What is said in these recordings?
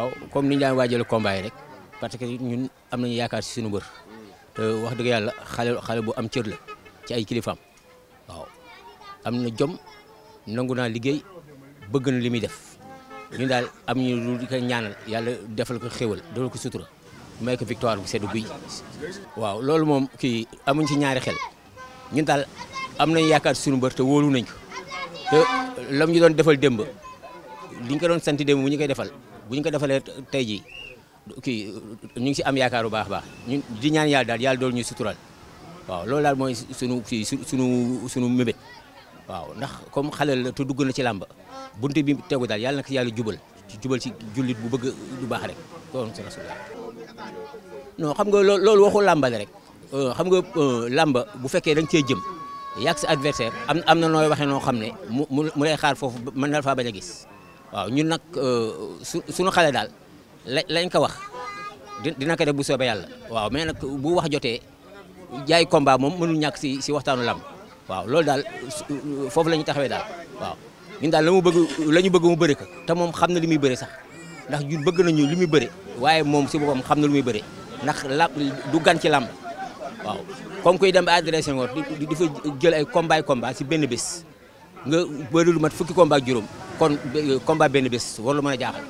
waaw comme ni ñu daan waajal combat rek parce que ñun am nañu yaakaar si suñu mbër wax dëgg yàlla xale xale bu am cër la ci ay kilifaam waaw am na jom nangu naa liggéey bëgg na li muy def ñun daal am ñu ñaanal yàlla defal xéwal defal ko sutura may ko victoire bu sedd guy. waaw loolu moom kii amuñ ci ñaari xel ñun daal am nañu yaakaar suñu mbër te wóolu nañ ko la lam ñu doon defal démb liñ ko doon sant démb bu ñu koy defal bu ñu ko defalee tey jii kii ñu ngi si am yaakaar bu baax baax ñun di ñaan yàlla daal yàlla doolu ñu sutural waaw loolu daal mooy sunu kii sunu sunu mébét waaw ndax comme xale la te dugg na ci làmb bunte bi tegu daal yàlla na ko yàlla jubal ci jubal ci jullit bu bëgg du baax rek doon sa rasul non xam nga loolu waxul làmbale rek euh, xam nga euh, làmb bu fekkee da nga cee jëm yàgg sa adversaire am am na nooy waxee noo xam ne mu mu lay xaar foofu mën naa faa bañ a gis waaw ñun nag euh, su suñu xale daal lañ ko wax dina ko def bu soobee yàlla waaw mais nag bu wax jotee jaay combat moom mënul ñàkk si si waxtaanu lamb waaw loolu daal euh, foofu la taxawee daal waaw ñun daal la mu bëgg la bëgg mu bëri ko te moom xam na li muy bëri sax ndax ñun bëgg nañu li muy bëri waaye moom si boppam xam na lu muy bëri ndax la du gan ci lamb waaw comme kuy dem ba adressé ngoor di fa jël ay combat si benn bés nga bëri lu mat fukki combat juróom kon combat benn bés warul mën a jaaxal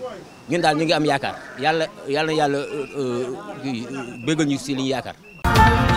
ñun daal ñu ngi am yaakaar yàlla yàlla yàlla euh, euh, euh, bégal ñu si li yaakaar.